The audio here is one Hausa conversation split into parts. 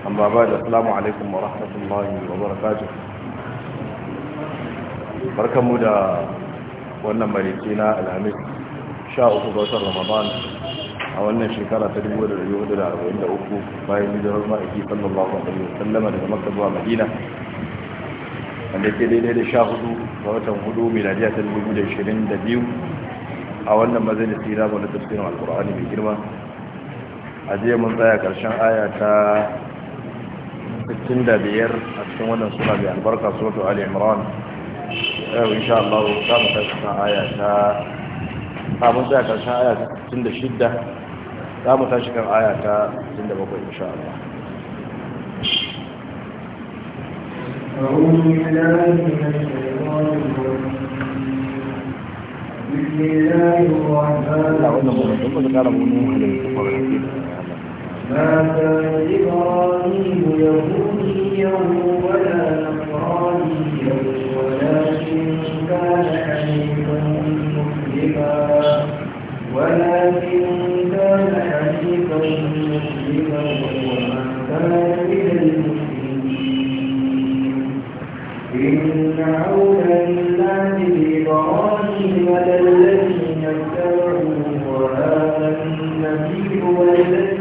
da 'Salamu alaikum wa ورحمة الله وبركاته barkanmu da wannan mariki na alhamis uku ga watan ramadan a wannan shekara ta 1443 bayan hijirar ma'aiki sallallahu alaihi wasallama daga makka zuwa madina wanda ke daidai da 14 ga watan 4 miladiya ta 2022 a wannan majalisi na wani tafsirin alkur'ani mai girma a jiya mun tsaya karshen aya ta 65 a cikin wannan sura mai albarka suratu ali imran yau insha Allah za mu tashi kan aya ta a mun tsaya karshen aya ta 66 za mu tashi kan aya ta 67 insha Allah أعوذ بالله من الشيطان الرجيم بسم الله الرحمن الرحيم ما كان إبراهيم يهوديا ولا نصرانيا ولكن كان حنيفا مسلما ولكن كان حنيفا مسلما وما كان من المسلمين إن عون لله بإبراهيم للذين اتبعوه وهذا النبي والذين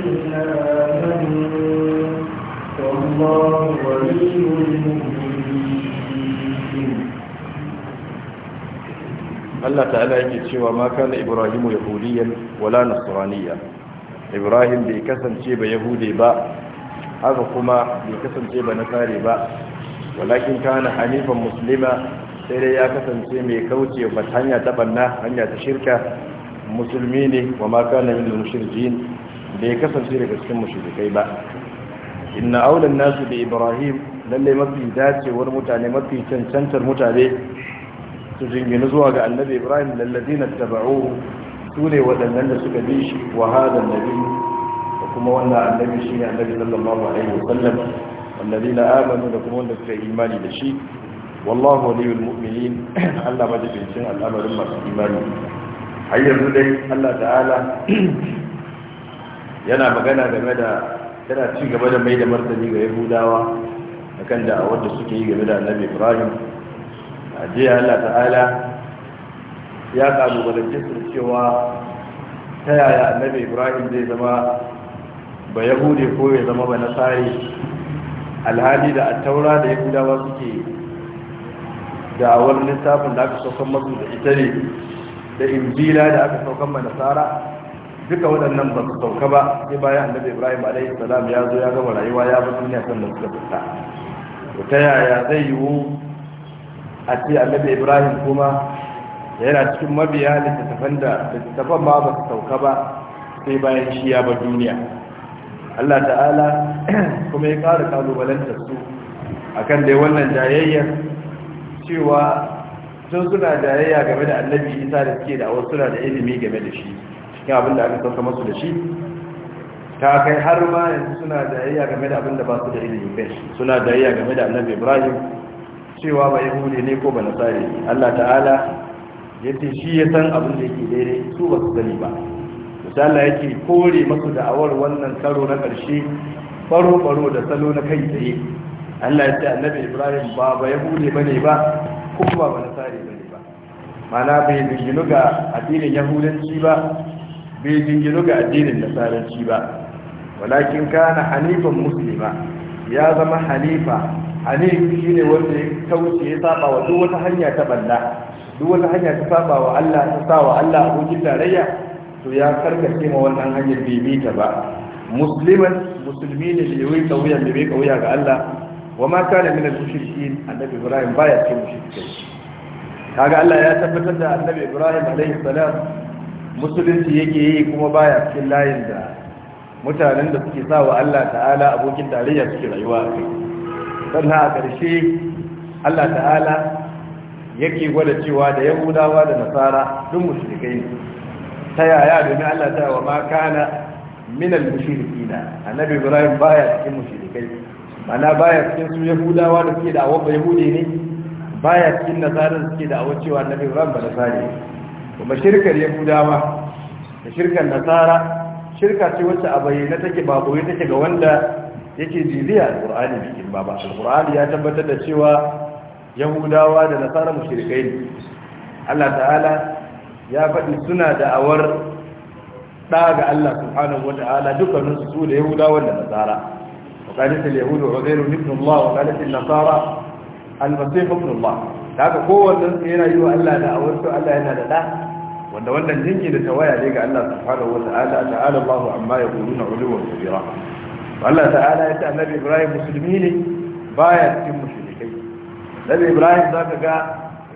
Allah ta'ala المؤمنين yake cewa ma kana Ibrahim yahudiyan wala nasraniya Ibrahim bai kasance ba yahude ba haka kuma bai kasance ba nasare ba walakin kana hanifan muslima sai dai ya kasance mai kauce ba hanya ta banna hanya ta shirka musulmi ne wa ma kana min mushrikin bai kasance daga cikin mushrikai ba inna aulan nasu da ibrahim lallai mafi dacewar mutane mafi cancantar mutane su jingini zuwa ga annabi ibrahim lallazi na taba'u su ne waɗannan da suka bi shi wa hadan nabi da kuma wannan annabi shi ne annabi sallallahu alaihi wasallam wallazi na amanu da kuma wanda suka imani da shi wallahu waliyul mu'minin Allah majalisin al'amarin masu imani har yanzu dai Allah ta'ala yana magana game da yana ci gaba da mai da martani ga yahudawa a kan da'awar da suke yi game da annabi ibrahim a jiya allah ta'ala ya kalubalanci su cewa ta yaya annabi ibrahim zai zama ba yahudi ko ya zama ba nasari alhali da taura da yahudawa suke da'awar littafin da aka saukan masu da ita ne da injila da aka saukan ba nasara duka waɗannan ba su sauka ba sai bayan annabi ibrahim alaihi salam ya zo ya gama rayuwa ya bi duniya da suka fita to ta yaya zai yiwu a ce annabi ibrahim kuma yana cikin mabiya littattafan da littattafan ma ba su sauka ba sai bayan shi ya ba duniya Allah ta'ala kuma ya ƙara kalubalanta su akan dai wannan jayayyar cewa sun suna jayayya game da annabi isa da suke da wasu suna da ilimi game da shi cikin abin da aka sauka masu da shi ta kai har ma yanzu suna dayayya game da abin da ba su da ilimi kai suna dayayya game da annabi ibrahim cewa ba yahudi ne ko ba nasari ne allah ta'ala ya ce shi ya san abin da yake daidai su ba su gani ba misali yake kore masu da'awar wannan karo na ƙarshe baro-baro da salo na kai tsaye allah ya ce annabi ibrahim ba ba yahudi ba ne ba kuma ba ba nasari ba ne ba mana bai zinginu ga addinin yahudanci ba bai jingino ga addinin nasaranci ba walakin kana hanifan muslima ya zama hanifa hanif shine wanda ya kauce ya saba wa duk wata hanya ta Banda. duk wata hanya ta saba wa Allah ta sa wa Allah abokin tarayya to ya karkace ma wannan hanyar bai ta ba musliman musulmi ne da yawai kauya da bai kauya ga Allah wa ma kana min al-mushrikin annabi Ibrahim baya cikin mushrikai kaga Allah ya tabbatar da annabi Ibrahim alaihi salam musulunci yake yi kuma baya cikin layin da mutanen da suke sa wa Allah ta'ala abokin tarayya suke rayuwa a kai sannan a ƙarshe Allah ta'ala yake gwada cewa da yahudawa da nasara duk mushrikai ne ta yaya domin Allah ta wa ma kana min al-mushrikina annabi Ibrahim baya cikin mushrikai mana baya cikin su yahudawa da suke da awwa yahudi ne baya cikin nasarar suke da awwa cewa annabi Ibrahim ba nasara ne kuma shirkar yahudawa da shirkar nasara shirka ce wacce a bayyana take ba koyi take ga wanda yake jiriya alqur'ani bikin ba ba Alƙur'ani ya tabbatar da cewa yahudawa da nasara mushrikai ne Allah ta'ala ya faɗi suna da'awar ɗa ga Allah subhanahu wa ta'ala dukkanin su da yahudawa da nasara وقالت اليهود عزير ابن الله وقالت النصارى المسيح ابن الله da haka kowannen su yana yi wa Allah da awarsu Allah yana da ɗa wanda wannan jinki da tawaya ne ga Allah subhanahu wata'ala ta'ala Allahu amma yaquluna uluwan kabira Allah ta'ala ya ce annabi Ibrahim musulmi ne baya cikin mushrikai Nabi Ibrahim ka ga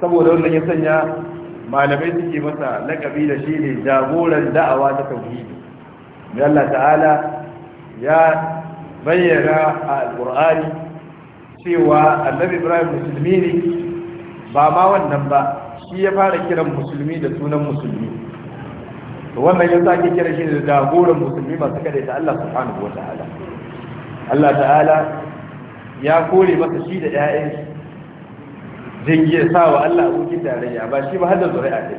saboda wannan ya sanya malamai suke masa lakabi da shi ne jagoran da'awa ta tauhidi mai Allah ta'ala ya bayyana a alƙur'ani cewa annabi ibrahim musulmi ne ba ma wannan ba shi ya fara kiran musulmi da sunan musulmi wannan ya sake kira shi da jagoran musulmi masu kare ta Allah subhanahu wataala Allah ta'ala ya kore masa shi da ƴaƴan shi jingiya sawa Allah abokin tarayya ba shi ba hadda zuri'a ce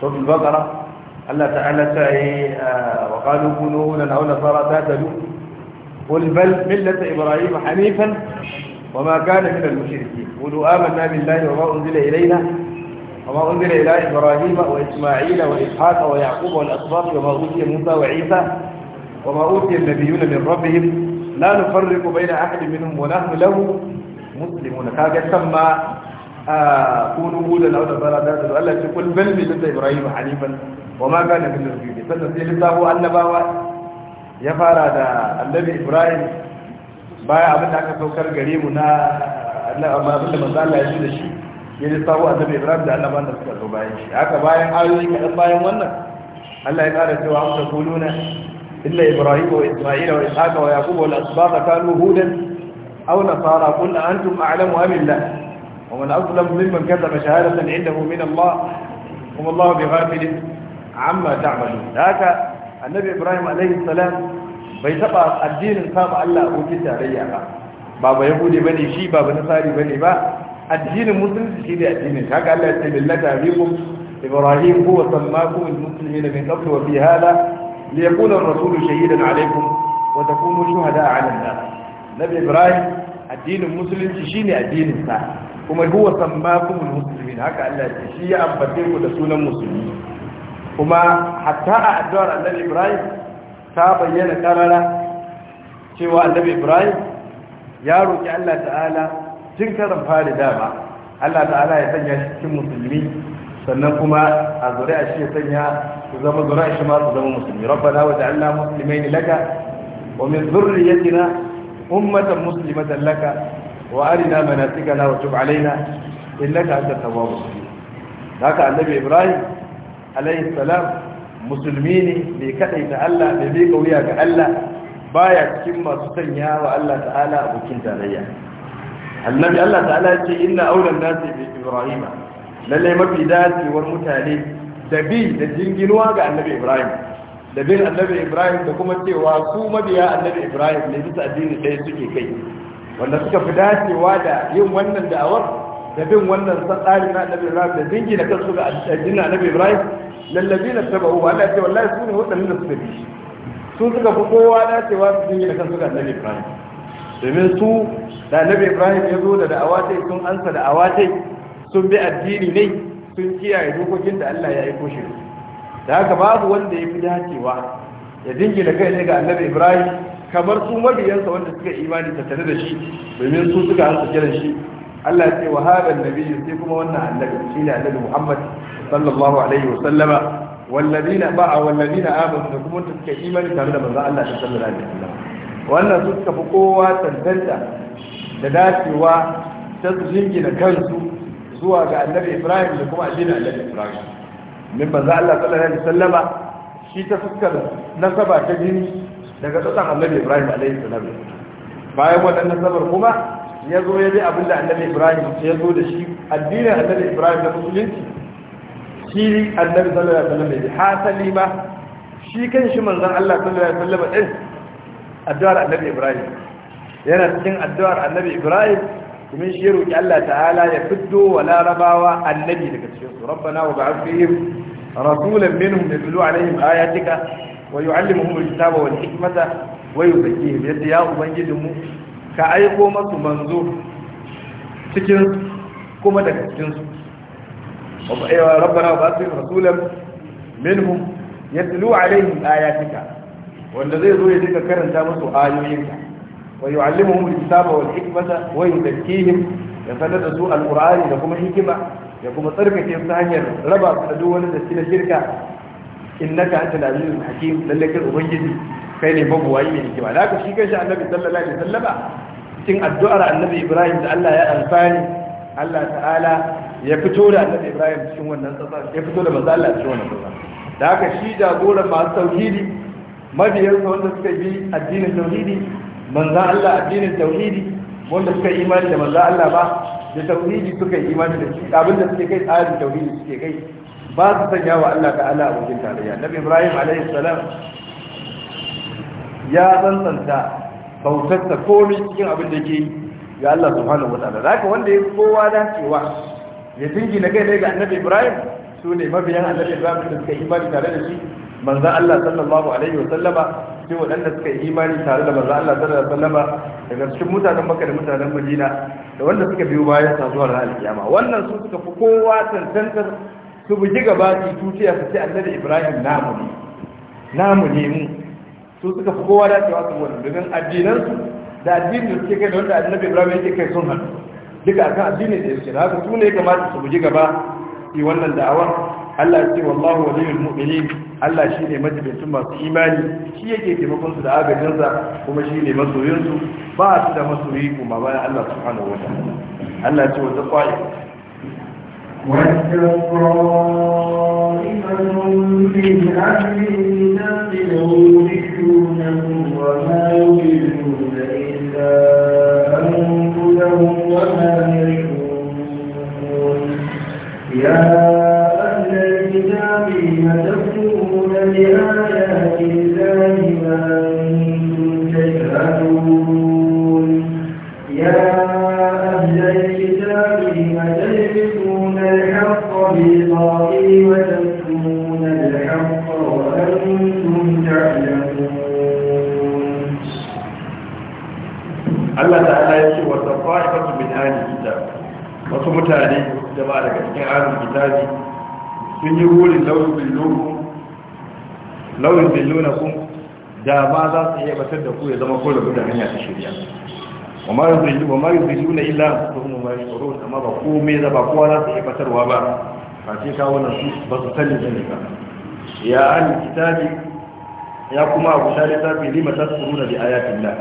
to bil baqara Allah ta'ala ta yi ah, wa qalu kunu lana aw nasara tatalu qul bal millata ibrahim hanifan وما كان من المشركين قولوا آمنا بالله وما أنزل إلينا وما أنزل إلى إبراهيم وإسماعيل وإسحاق ويعقوب والأسباط وما أوتي موسى وعيسى وما أوتي النبيون من ربهم لا نفرق بين أحد منهم ونحن له مسلمون كاجا سمى كونوا هودا أو نصارى ذات الله تقول بل ملة إبراهيم حنيفا وما كان من المشركين فنسي لله النبوة ya fara da annabi ibrahim baya abin da aka saukar gare mu na abin da manzo Allah ya da shi ya ji sabu annabi ibrahim da annaban da suka zo bayan shi haka bayan ayoyi kaɗan bayan wannan allah ya ƙara cewa an ta kuluna illa ibrahim wa isma'ila wa Isaka wa yaqub wa al-asbaqa kanu hudan aw nasara qul antum a'lamu am billah wa man azlamu mimman kadhaba shahadatan 'indahu min allah kuma allah bi ghafilin amma ta'malun haka annabi ibrahim alayhi salam bai taba addinin kama allah abokin tarayya ba ba ba yahudi bane shi ba ba nasari bane ba addinin musulunci shi ne addinin haka Allah ya ce millata abikum ibrahim huwa sammakum almuslimina min qabl wa fi hada liyakuna ar-rasulu shahidan alaykum wa takunu shuhada'a 'ala an-nas nabi ibrahim addinin musulunci shine addinin sa kuma huwa sammakum almuslimin haka Allah ya shi ya ambace ku da sunan musulmi kuma hatta a addu'ar annabi ibrahim ta bayyana karara cewa annabi ibrahim ya roki Allah ta'ala tun karan fari dama Allah ta'ala ya sanya shi cikin musulmi sannan kuma a zuri'a shi ya sanya su zama zuri'a shi ma su zama musulmi rabbana wa ja'alna muslimaini laka wa min dhurriyyatina ummatan muslimatan laka wa arina manasikana wa tub alaina innaka antat tawwabur rahim haka annabi ibrahim alayhi salam musulmi ne bai kadaita Allah bai bi kauya ga Allah baya cikin masu sanya wa Allah ta'ala abokin tarayya annabi Allah ta'ala ya ce inna aulan nasi bi ibrahima lalle mafi dacewar mutane da bi da jinginuwa ga annabi ibrahim da bin annabi ibrahim da kuma cewa su mabiya annabi ibrahim ne bisa addini ɗaya suke kai wanda suka fi dacewa da yin wannan da'awar da bin wannan tsari na annabi ibrahim da jingina kansu ga addinin annabi ibrahim lallabi na taba uwa Allah ya ce wallahi su ne waɗannan da suka bi Sun suka fi kowa dacewa su jingina kansu ga annabi ibrahim domin su da annabi ibrahim ya zo da da'awatai sun ansa da'awatai sun bi addini ne sun kiyaye dokokin da allah ya aiko shi da haka babu wanda ya fi dacewa ya dingina kai ne ga annabi ibrahim kamar su mabiyansa wanda suka imani tattare da shi domin su suka ansa kiran shi Allah ce wa hada annabi sai kuma wannan annabi shi ne annabi Muhammad sallallahu alaihi wa sallama walladina ba'a walladina amanu da kuma suka imani tare da manzon Allah sallallahu alaihi wa sallam wannan su suka fi kowa tantanta da dacewa ta su jingina kansu zuwa ga annabi ibrahim da kuma addinin annabi ibrahim min za Allah sallallahu alaihi wasallama shi ta fuskar nasaba ta jini daga tsotsan annabi ibrahim alaihi sallama. bayan wannan nasabar kuma ya zo ya bi abin da annabi ibrahim ya zo da shi addinin annabi ibrahim da musulunci shi annabi sallallahu alaihi wasallam bai hasali ba shi kan shi manzon Allah sallallahu alaihi sallama din addu'ar annabi ibrahim yana cikin addu'ar annabi ibrahim kuma shi roki Allah ta'ala ya fito wa larabawa annabi daga cikin su rabbana wa ba'ath fihim rasulan minhum yatlu alaihim ayatika wa yu'allimuhum alkitaba wal hikmata wa yuzakkihim yadda ya ubangijin mu ka aiko masu manzo cikin kuma daga cikin su rabbana wa ba'ath fihim rasulan minhum yatlu alaihim ayatika wanda zai zo ya dinga karanta musu ayoyinka ويعلمهم الكتاب والحكمة ويزكيهم يفلد سوء القرآن لكم حكمة لكم طريقة يفتحن ربع أدوان تسكين شركة إنك أنت العزيز الحكيم للك الأبنجد كان بابو أي حكمة لا كشيك شاء النبي صلى الله عليه وسلم cikin addu'ar annabi Ibrahim da Allah ya alfani Allah ta'ala ya fito da annabi Ibrahim cikin wannan tsatsa ya fito da manzo Allah cikin wannan tsatsa da haka shi jagoran masu tauhidi mabiyansa wanda suka bi addinin tauhidi manzan Allah addinin tauhidi wanda suka yi imani da manzan Allah ba da tauhidi suka yi imani da shi abin suke kai tsarin tauhidi suke kai ba su sanya wa Allah ta'ala abokin tarayya nabi ibrahim alaihi salam ya tsantsanta bautarsa komai cikin abin da ke ga Allah subhanahu wa ta'ala zaka wanda ya kowa dacewa ya na kai ne ga annabi ibrahim su ne mabiyan annabi ibrahim da suka yi imani tare da shi manzan Allah sallallahu alaihi wa sallama cikin waɗanda suka yi imani tare da manzo Allah sallallahu alaihi wasallam daga cikin mutanen Makka da mutanen Madina da wanda suka biyo bayan sa zuwa ranar kiyama wannan su suka fi kowa tantantar su buji gaba su tuciya su ce annabi Ibrahim namu ne namu ne mu su suka fi kowa da cewa su wannan domin addinan su da addinin da suke kai da wanda annabi Ibrahim yake kai sun haɗu duka akan addinin da yake da haka su ne kamata su buji gaba yi wannan da'awar Allah ya ce wallahu waliyul mu'minin Allah shi ne majibincin masu imani shi yake taimakon su da agajinsa kuma shi ne masoyinsu ba su da masoyi kuma bayan Allah subhanahu wa ta'ala Allah ce wata kwa'i يا أهل الكتاب لم بآيات الله ما تجهلون يا أهل الكتاب لم الحق بالباطل وتكتمون الحق وأنتم تعلمون الله تعالى يقول من أهل الكتاب wasu mutane da ba daga cikin arin kitabi sun yi wurin lauyin bin lokacin lauyin billuna kun da ba za su iya batar da ku ya zama ko da guda hanya ta shirya wa ma yuzillu wa ma yuzilluna illa tuhum wa yashurun amma ba komai da ba kowa za su iya batarwa ba ba sai kawo nan su ba su sani da ba ya an kitabi ya kuma abu ta littafi lima da bi ayatillah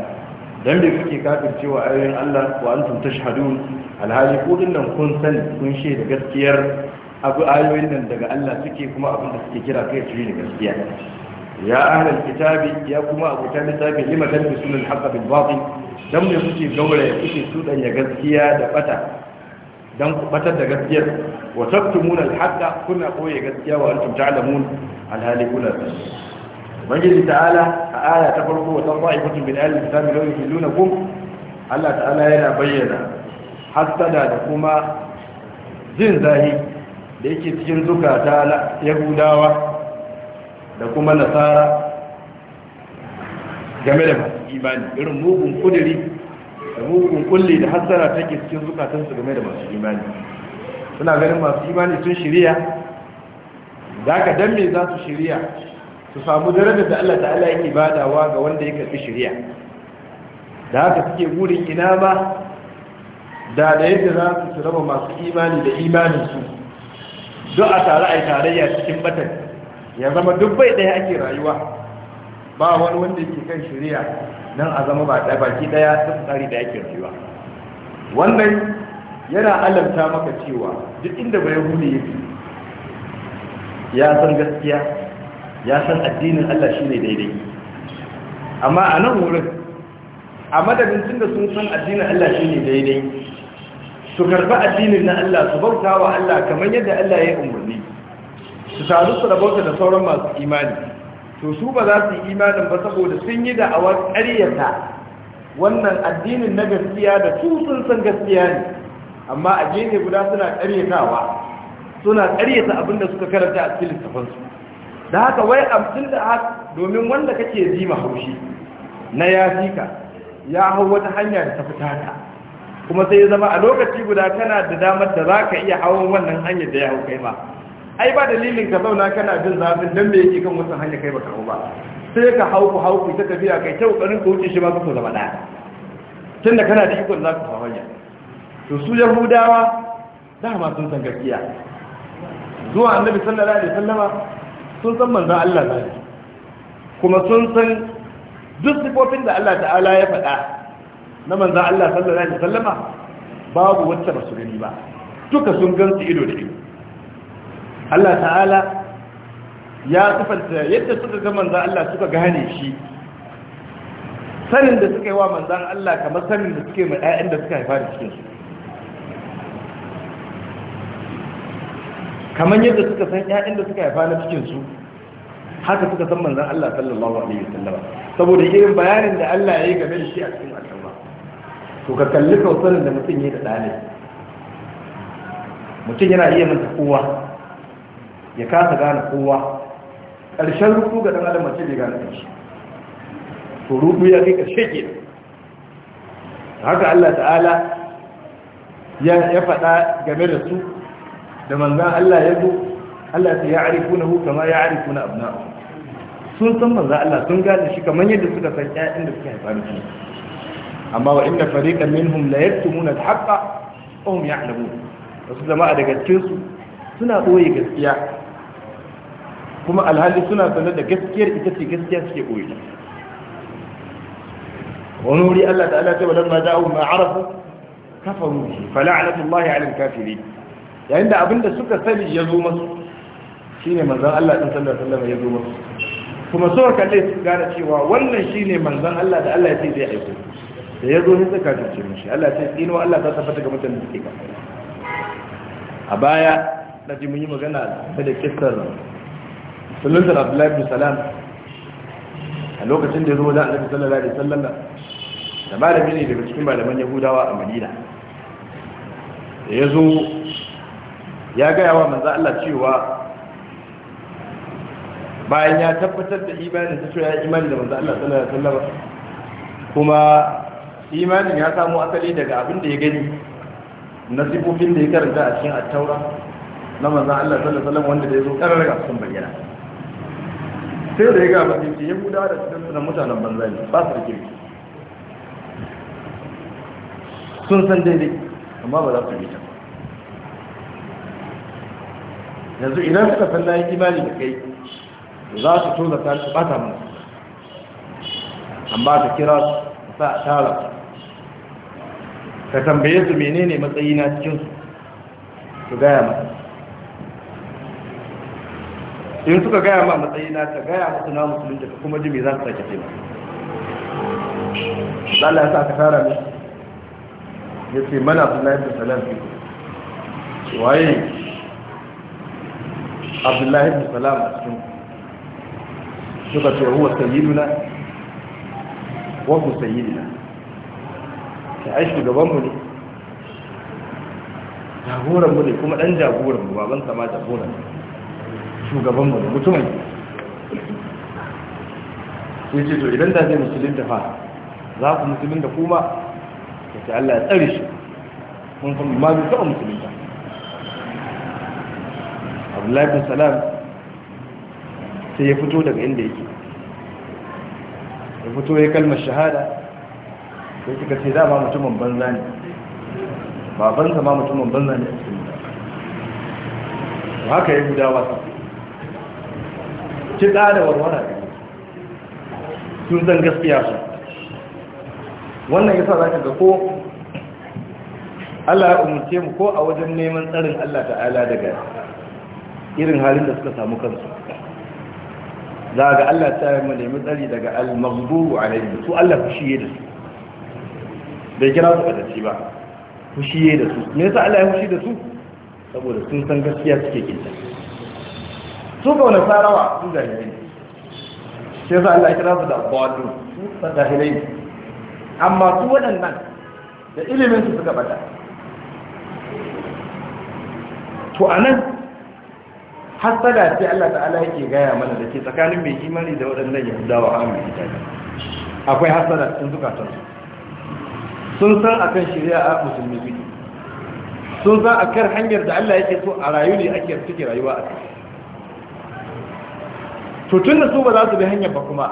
dan bai kuke cewa ayoyin Allah wa antum tashhadun alhali ku dinnan kun sani kun da gaskiyar abu ayoyin nan daga Allah suke kuma abin da suke kira kai shi da gaskiya ya ahlal kitabi ya kuma abuta littafi lima talbisul haqqa bil batil dan me kuke gauraya kuke sudan ya gaskiya da bata dan ku batar da gaskiyar wa taktumun al kuna koye gaskiya wa antum ta'lamun al halikuna ubangiji ta'ala a aya ta farko wa tawaifatun min ahli kitabi law yufilunakum Allah ta'ala yana bayyana hasada da kuma jin zafi da yake cikin zukata yahudawa da kuma nasara game da masu imani irin mugun kudiri da mugun kulli da ta ke cikin zukatansu game da masu imani suna ganin masu imani sun shirya da aka dan me za su shirya su samu darajar da Allah ta'ala yake badawa ga wanda ya karbi shirya da haka suke burin ina ba da da yadda za su raba masu imani da imaninsu duk a tare a tarayya cikin batan ya zama duk bai ɗaya ake rayuwa ba wani wanda yake kan shirya nan a zama ba ɗaya baki ɗaya sun tsari da yake rayuwa wannan yana alamta maka cewa duk inda bai hudu fi ya san gaskiya ya san addinin Allah shi ne daidai amma a nan wurin a madadin da sun san addinin Allah shi ne daidai su karba addinin na Allah su bauta wa Allah kamar yadda Allah ya yi su taru su rabauta da sauran masu imani to su ba za su yi imanin ba saboda sun yi da awar ƙaryata wannan addinin na gaskiya da su sun san gaskiya ne amma a gene guda suna ƙaryatawa suna ƙaryata abin da suka karanta a cikin littafansu da haka wai amsin da haka domin wanda kake ji haushi na ya ka ya hau wata hanya da ta fita ta, kuma sai ya zama a lokaci guda kana da damar da za ka iya hawan wannan hanyar da ya hau kai ma ai ba dalilin ka zauna kana jin zafin dan me yake kan wasan hanya kai baka hau ba sai ka hauku hauku ta tafiya kai ta kokarin ka wuce shi ba ku zama daya tunda kana da ikon za ku hau hanya to su yahudawa ma sun san gaskiya zuwa annabi sallallahu alaihi wasallama sun san manzon Allah zai kuma sun san duk sifofin da Allah ta'ala ya faɗa na manzon Allah sallallahu alaihi wasallama babu wacce ba su gani ba duka sun gansu ido da ido Allah ta'ala ya sufanta yadda suka ga manzan Allah suka gane shi sanin da suka yi wa manzan Allah kamar sanin da suke mai ɗayan da suka haifa da cikinsu kamar yadda suka san ƴaƴan da suka haifa na cikinsu haka suka san manzan Allah sallallahu alaihi wasallam saboda irin bayanin da Allah ya yi game da shi a cikin al'umma to ka kalli sanin da mutum ya da ɗane mutum yana iya manta kowa ya kasa gane kowa ƙarshen rudu ga ɗan adam ce bai gane ƙarshe to rudu ya kai ƙarshe ke haka Allah ta'ala ya faɗa game da su da manzan Allah ya zo Allah ta ya arifu na hukama ya arifu na abu sun san manzan Allah sun gane shi kamar yadda suka san ƴaƴan da suka haifa da su amma wa inda fariqan minhum la yaktumuna al-haqqa wa hum ya'lamun wasu jama'a daga cikin su suna boye gaskiya kuma alhali suna sanar da gaskiyar ita ce gaskiya suke koyi wani wuri Allah ta'ala ta walar ma da'u ma arafu kafaru shi fala'anatullahi alal kafirin yayin da abinda suka sani ya zo shine manzon Allah din sallallahu alaihi wasallam ya zo masu kuma so kalle su gane cewa wannan shine manzon Allah da Allah ya ce zai aiko da ya zo ne suka kace mishi Allah ya ce ino Allah ta tabbata ga mutanen da suke kafa a baya na ji mun yi magana da kissar sulluntar abdullahi bin salam a lokacin da ya zo wajen annabi sallallahu alaihi wasallam da malami ne daga cikin malaman yahudawa a madina da ya zo ya gaya wa manzo Allah cewa bayan ya tabbatar da imanin ta cewa ya imani da manzo Allah sallallahu alaihi wasallam kuma imanin ya samu asali daga abin da ya gani na sifofin da ya karanta a cikin Attaura na manzo Allah sallallahu alaihi wasallam wanda da yazo karara ga sun bayyana sai da ya ga mafi ce guda da cikin mutanen banza ne ba su da kirki sun san daidai amma ba za su bi ta yanzu idan suka san na yi imani da kai za su to da tarihi ba ta mana amma ta kira su sa a tara ka tambaye su menene matsayina cikinsu su gaya masa in suka gaya ma matsayina ta gaya musu na musulunci ka kuma jimi za su sake ce ba Allah ya sa ka tara ne ya ce mana abdullahi ibn salam fi waye abdullahi ibn salam a cikin suka ce huwa sayyiduna wa ku sayyidina ta ai gabanmu ne jagoranmu ne kuma ɗan jagoranmu baban sama jagoranmu shugaban mu sai ce to idan ta zai musulun da fa za ku musulun da kuma ya ce Allah ya tsare shi mun san ma zai taɓa musulun da Abdullahi bin Salam sai ya fito daga inda yake ya fito ya kalmar shahada sai suka ce za ma mutumin banza ne babansa ma mutumin banza ne a cikin haka ya gudawa su ki ƙara warwara su zan gaskiya su wannan yasa za ka ga ko Allah ya umarce mu ko a wajen neman tsarin Allah ta'ala daga irin halin da suka samu kansu za ga Allah ta yi mu nemi tsari daga al-maghdubu alaihi su Allah fushiye da su bai kira su adaci ba fushiye da su me yasa Allah ya fushi da su saboda sun san gaskiya suke kinta su ga wani sarawa su jahilai ne shi yasa Allah ya kira su da bawadu su jahilai ne amma su waɗannan da ilimin su suka bada to a nan hasada ce Allah ta'ala yake gaya mana da ke tsakanin mai imani da waɗannan yahudawa a mai itali akwai hasada cikin zukatansu sun san akan shirya a musulmi sun san a kan hanyar da Allah yake so a rayu ne ake suke rayuwa a kai to tun da su ba za su bi hanyar ba kuma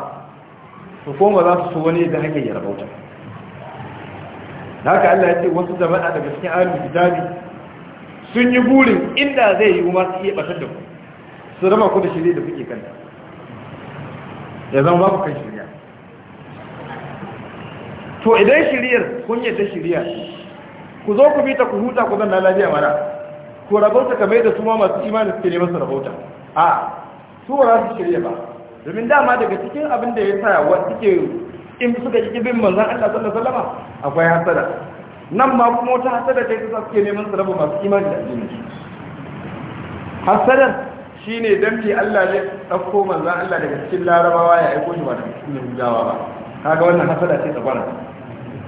su ba za su so wani da hanyar ya Da haka Allah ya ce wasu jama'a daga cikin ahlul kitabi sun yi burin inda zai yi kuma su iya batar da ku su rama ku da shirye da kuke kanta ya zama babu kan shirya to idan shiryar kun yadda shirya ku zo ku bi ta ku huta ku zanna lafiya mana ku rabauta kamar da su ma masu imanin suke neman su rabauta a su ba za su shirya ba domin dama daga cikin abin da ya sa wa suke in suka yi bin manzan Allah sallallahu alaihi wasallam akwai hasada nan ma kuma wata hasada ta kusa suke neman su raba masu imani da addini hasadar shine dan bi Allah ne dauko manzan Allah daga cikin larabawa ya aiko shi ba da cikin jawa ba kaga wannan hasada ce tsabara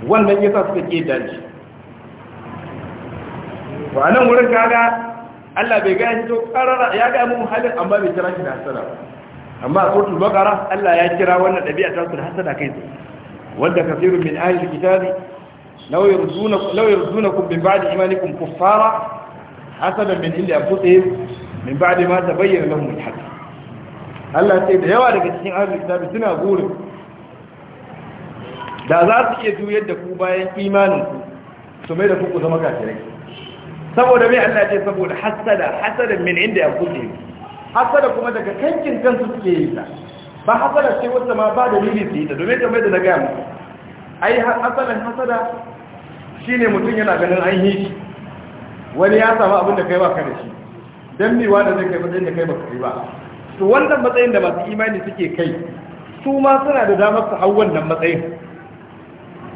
wannan yasa suka ke daji wa anan wurin kaga Allah bai gaya shi to karara ya ga mu halin amma bai kira shi da hasada amma a suratul baqara Allah ya kira wannan dabi'a ta su da hasada kai wanda kafirun min ahli kitabi law yurduna law yurdunakum min ba'di imanikum kuffara hasadan min indi anfusihim min ba'di ma tabayyana lahum al-haq Allah sai da yawa daga cikin ahli kitabi suna gurin da za su iya juyar da ku bayan imanin ku su mai da ku zama kafirai saboda mai Allah ce saboda hasada hasadan min inda ya kuke hasada kuma daga kankin kansu suke yi ta ba hasada ce wata ma ba da lili su yi ta domin tambayi da na gaya muku ai hasadan hasada shine mutum yana ganin an yi shi wani ya samu abin da kai ba ka da shi dan mewa da zai kai matsayin da kai ba kai ba to wannan matsayin da masu imani suke kai su ma suna da damar su hau wannan matsayin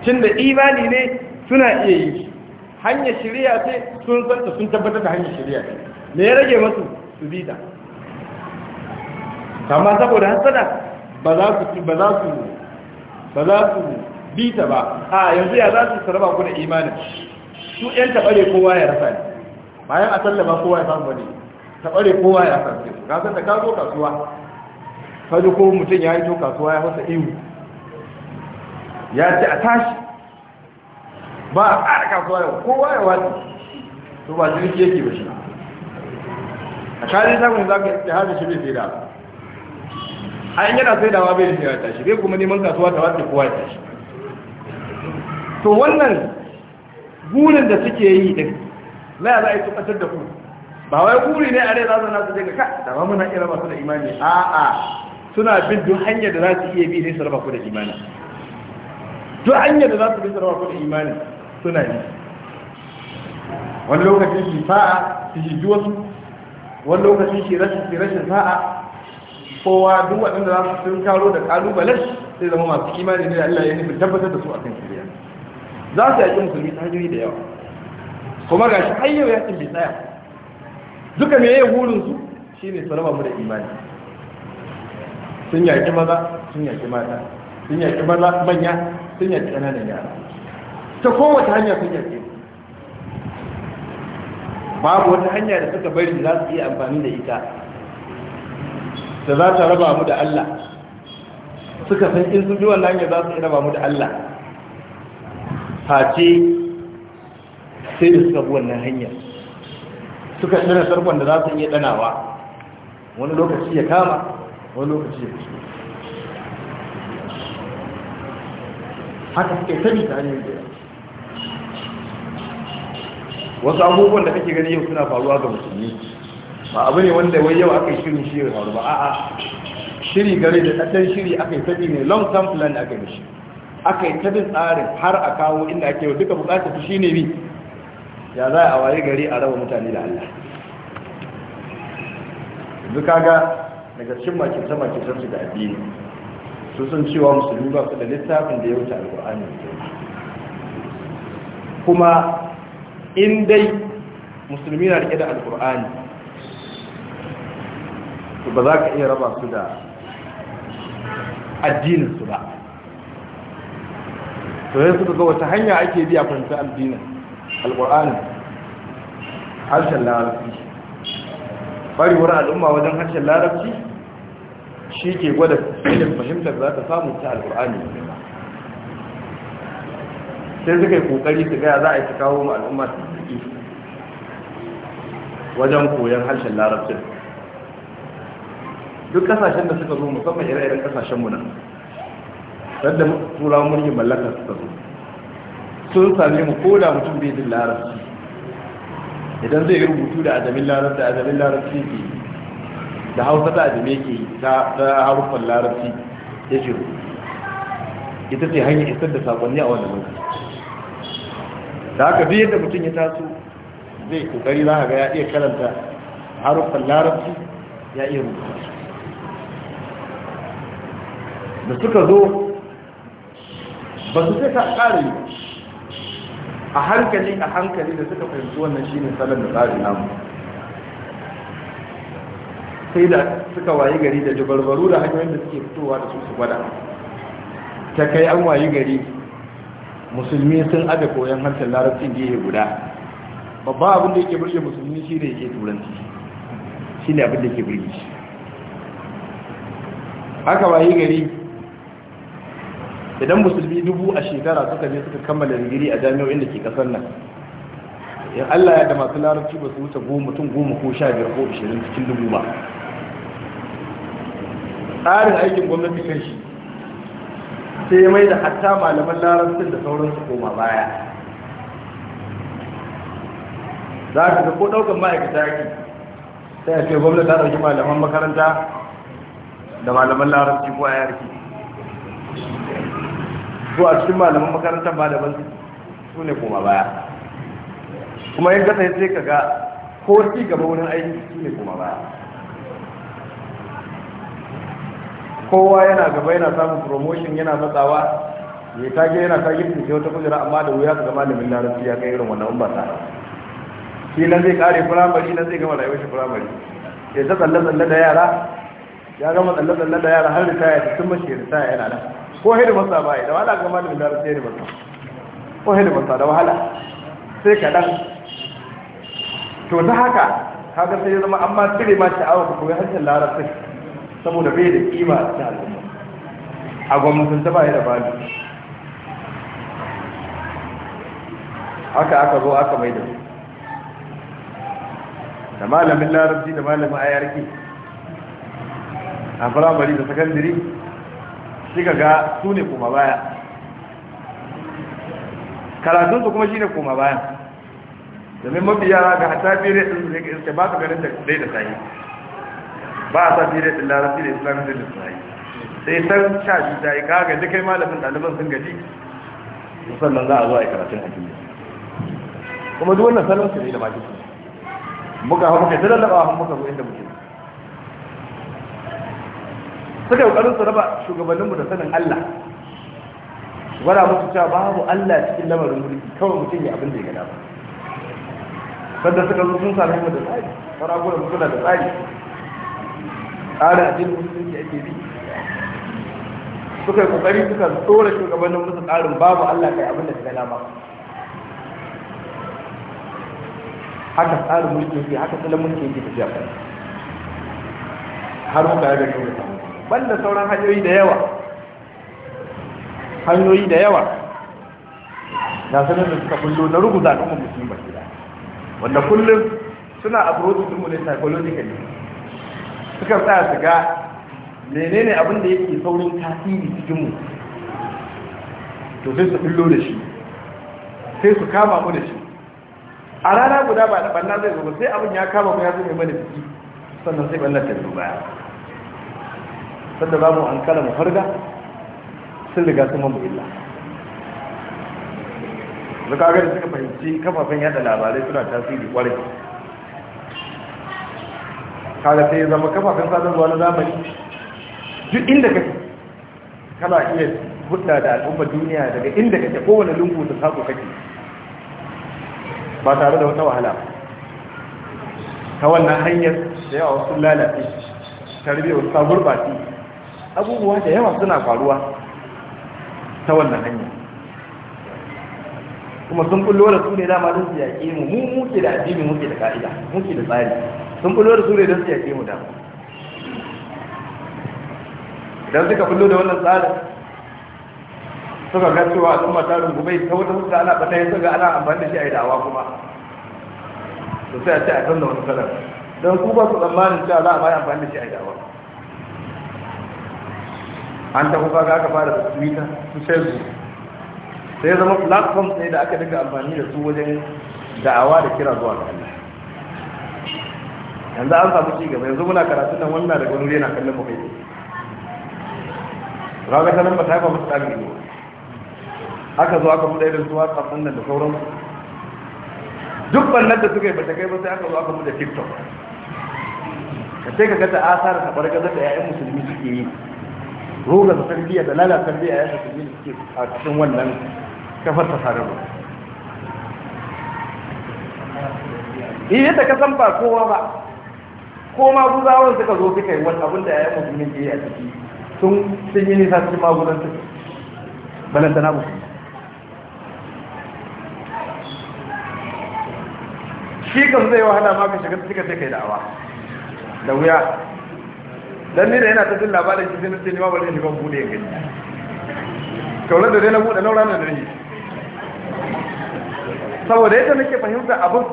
tunda imani ne suna iya yi hanyar shirya ce sun santa sun tabbatar da hanyar shirya ce me ya rage masu su bi ta amma saboda hasada ba za su ba za su ba za su bi ta ba a yanzu ya za su sarrafa ku da imanin su yan tabare kowa ya rasa ne bayan a sallama kowa ya samu ne tabare kowa ya rasa ne ka san da ka zo kasuwa ka ji ko mutum ya yi to kasuwa ya fasa ihu ya ce a tashi ba a ƙara kasuwa yau kowa ya wani to ba ciniki yake ba a kayan samun za ka yi hada shi bai saida. a yin yana sai dawa bai da ta shi bai kuma neman kasuwa ta wace kowa ta tashi to wannan burin da suke yi din na ya za a yi tukatar da ku ba wai buri ne a rai zazu na su daga ka da ba muna kira masu da imani a'a suna bin duk hanyar da za su iya bi ne su raba ku da imani duk hanyar da za su bi su raba ku da imani suna yi wani lokacin shi fa'a su shi su wani lokacin shi rashin shi rashin fa'a kowa duk waɗanda za su sun karo da ƙalubalen sai zama masu imani ne da Allah ya nufin tabbatar da su akan shirya za su yaƙi musulmi ta hanyoyi da yawa kuma ga shi hanyar yau yaƙin bai tsaya duka me ya burin su ne su raba mu da imani sun yaƙi maza sun yaƙi mata sun yaƙi maza manya sun yaƙi ƙananan yara ta kowace hanya sun yake babu wata hanya da suka bari za su iya amfani da ita da za ta raba mu da Allah suka san in sun ji wannan hanya za su yi raba mu da Allah face sai da suka bu wannan hanyar suka tsira sarkon da za su iya danawa wani lokaci ya kama wani lokaci ya haka suke sani ta hanyar gida wasu abubuwan da kake gani yau suna faruwa ga musulmi ba abu ne wanda wai yau aka yi shirin shirin faru ba a'a shiri gare da ɗan shiri aka yi tabi ne long term plan aka yi shi aka yi tabin tsarin har a kawo inda ake duka bukatar shi ne bi ya za a waye gari a raba mutane da Allah duka kaga daga sama makinta makinta su da addini su sun cewa musulmi ba su da littafin da ya wuce alƙur'ani kuma in dai musulmi na rike da alkur'ani to ba za ka iya raba su da addininsu ba to yanzu suka ga wata hanya ake biya fahimta addinin alkur'ani harshen larabci wurin al'umma wajen harshen larabci shi ke gwada fahimtar za ta samu ta alkur'ani sai suka yi kokari su gaya za a yi su kawo mu al'umma su ciki wajen koyon harshen larabcin duk kasashen da suka zo musamman ire-iren kasashen mu nan sadda turawa mulkin mallaka suka zo sun same mu ko da mutum bai jin larabci idan zai rubutu da adamin larabci adamin larabci ke da hausa ta adame ke ta haruffan larabci ya ce ita ce hanyar isar da sakonni a wannan lokaci da haka duk yadda mutum ya taso zai kokari za a ga ya iya karanta haruffan larabci ya iya rubuta da suka zo ba su sai ta ƙari a hankali a hankali da suka fahimci wannan shi ne salon da tsarin namu sai da suka wayi gari da dabarbaru da hanyoyin da suke fitowa da su su gwada ta kai an wayi gari musulmi sun aga koyon harshen larabcin gehe guda babba abin da yake burge musulmi shi ne yake turanci shi ne abin da yake burge shi haka waye gari idan musulmi dubu a shekara suka ne suka kammala rigiri a jami'o'in da ke kasar nan in allah ya da masu larabci ba su wuce goma mutum goma ko sha biyar ko ishirin cikin dubu ba tsarin aikin gwamnati kan shi sai ya mai da hatta malaman larabcin da sauransu koma baya za ka ga ko daukan ma'aikata yake sai a ce gwamnati ta dauki malaman makaranta da malaman larabci ko a yarki ko a cikin malaman makarantar malaman su ne koma baya kuma yin gasa sai ka ga ko ci gaba wurin aiki su ne koma baya kowa yana gaba yana samun promotion yana matsawa ya tage yana tage fice wata kujera amma da wuya ka zama da min larabci ya kai irin wannan ba ta shi nan zai kare firamare nan zai gama rayuwar shi firamare ya ta tsalle tsalle da yara ya gama tsalle tsalle da yara har ritaya ta tun mashi ritaya yana nan ko hidu masa ba da wahala gama da min larabci ne masa ko hidu masa da wahala sai kaɗan to ta haka kaga sai ya zama amma cire ma sha'awar ta koyi harshen larabci saboda bai da kima a cikin al'umma a gwamnatin ta bai da bali haka aka zo aka mai da su da malamin larabci da malamin ayarki a firamari da sakandiri suka ga su ne kuma baya karatunsu kuma shi ne kuma baya domin mafi yara ga hatafi rai ɗin su ke ba su ganin da ɗai da sahi ba a sa period din larabci da islamic da na sai san sha biyu ta yi kaga da kai malamin ɗaliban sun gaji musamman za a zo a yi karatun addini kuma duk wannan salon su ne da maki muka hau muka ta lallaba hau muka zo inda muke suka yi ƙoƙarin su raba shugabanninmu da sanin Allah wada musu cewa babu Allah cikin lamarin mulki kawai mutum ya abin da ya gada ba sanda suka zo sun sami mu da tsari fara suna da tsari tsara musulun ke ake bi suka yi kokari suka tsora shugabannin musu tsarin babu Allah kai abin da suka dama haka tsarin mulki yake haka salon mulki yake tafiya har muka yaga shi banda sauran hanyoyi da yawa hanyoyi da yawa na sanar da suka kullo na rubuta al'ummar musulun ba wanda kullum suna approach din mu ne psychologically suka sa su ga menene abin da yake saurin tasiri cikin mu to sai su billo da shi sai su kama mu da shi a rana guda ba da banna zai zuba sai abin ya kama mu ya zama mana fiki sannan sai banna ta zo baya sannan ba mu an kala mu farga sun riga sun mamu illa zaka ga da suka fahimci kafafen yada labarai suna tasiri kwarai kada sai zama kafafen sadarwa na zamani duk inda kake kana iya hudda da al'umma duniya daga inda kake kowane lungu da sako kake ba tare da wata wahala ta wannan hanyar da yawa wasu lalace tarbiyyar ta gurbaci abubuwa da yawa suna faruwa ta wannan hanyar kuma sun kullo da su ne dama don su yaƙe mu mu muke da addini muke da ka'ida muke da tsari sun bulo da su ne don su yake mu dama idan suka bulo da wannan tsarin suka ga cewa al'umma ta rungume ta wata huska ana ɓata yin suka ana amfani da shi a yi dawa kuma su sai a ce a kan da wani kalar don su ba su tsammanin cewa za a bayan amfani da shi a yi dawa an ta kuka ga aka fara da twitter su facebook sai zama platform ne da aka dinga amfani da su wajen da'awa da kira zuwa ga Allah yanzu an samu ci gaba yanzu muna karatu nan wannan daga wani yana kallon mu kai raga ta nan ba ta haifa musu ɗan gani aka zo aka buɗe irin su watsa nan da sauran duk ballar da suka yi bata kai ba sai aka zo aka buɗe tiktok ka sai ka gata ta asara ta gaza da 'ya'yan musulmi suke yi roga da tarbiyya da lalata tarbiyya 'ya'yan musulmi da suke a cikin wannan kafar ta sadarwa eh yadda ka san ba kowa ba ko maguzawan suka zo suka yi wani abin da ya yi musulmi ke yi a ciki sun sun yi nisa cikin maguzan su balanta na musulmi shi kan zai wahala ma ka shiga suka sai kai da'awa da wuya dan ni da yana ta labarin shi sai na ce ni ma bari shiga bude gani kaunar da dai na bude na na da ne saboda yadda nake fahimta abin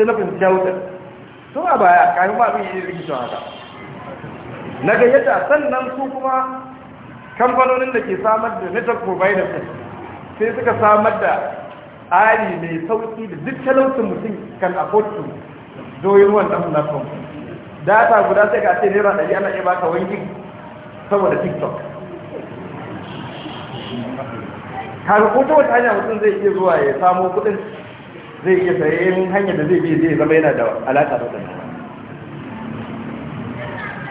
sai na fahimta wutar suna a baya kayan ba abin yi rikicin haka na gayyata sannan su kuma kamfanonin da ke samar da network provider sai suka samar da tsari mai sauki da duk talautin mutum kan afotu doyin doyin wannan platform data guda sai ka ce naira ɗari ana iya baka wangin saboda tiktok kaga ko wata hanya mutum zai iya zuwa ya samo kuɗin zai iya sayen hanyar da zai bi zai zama yana da alaƙa da wannan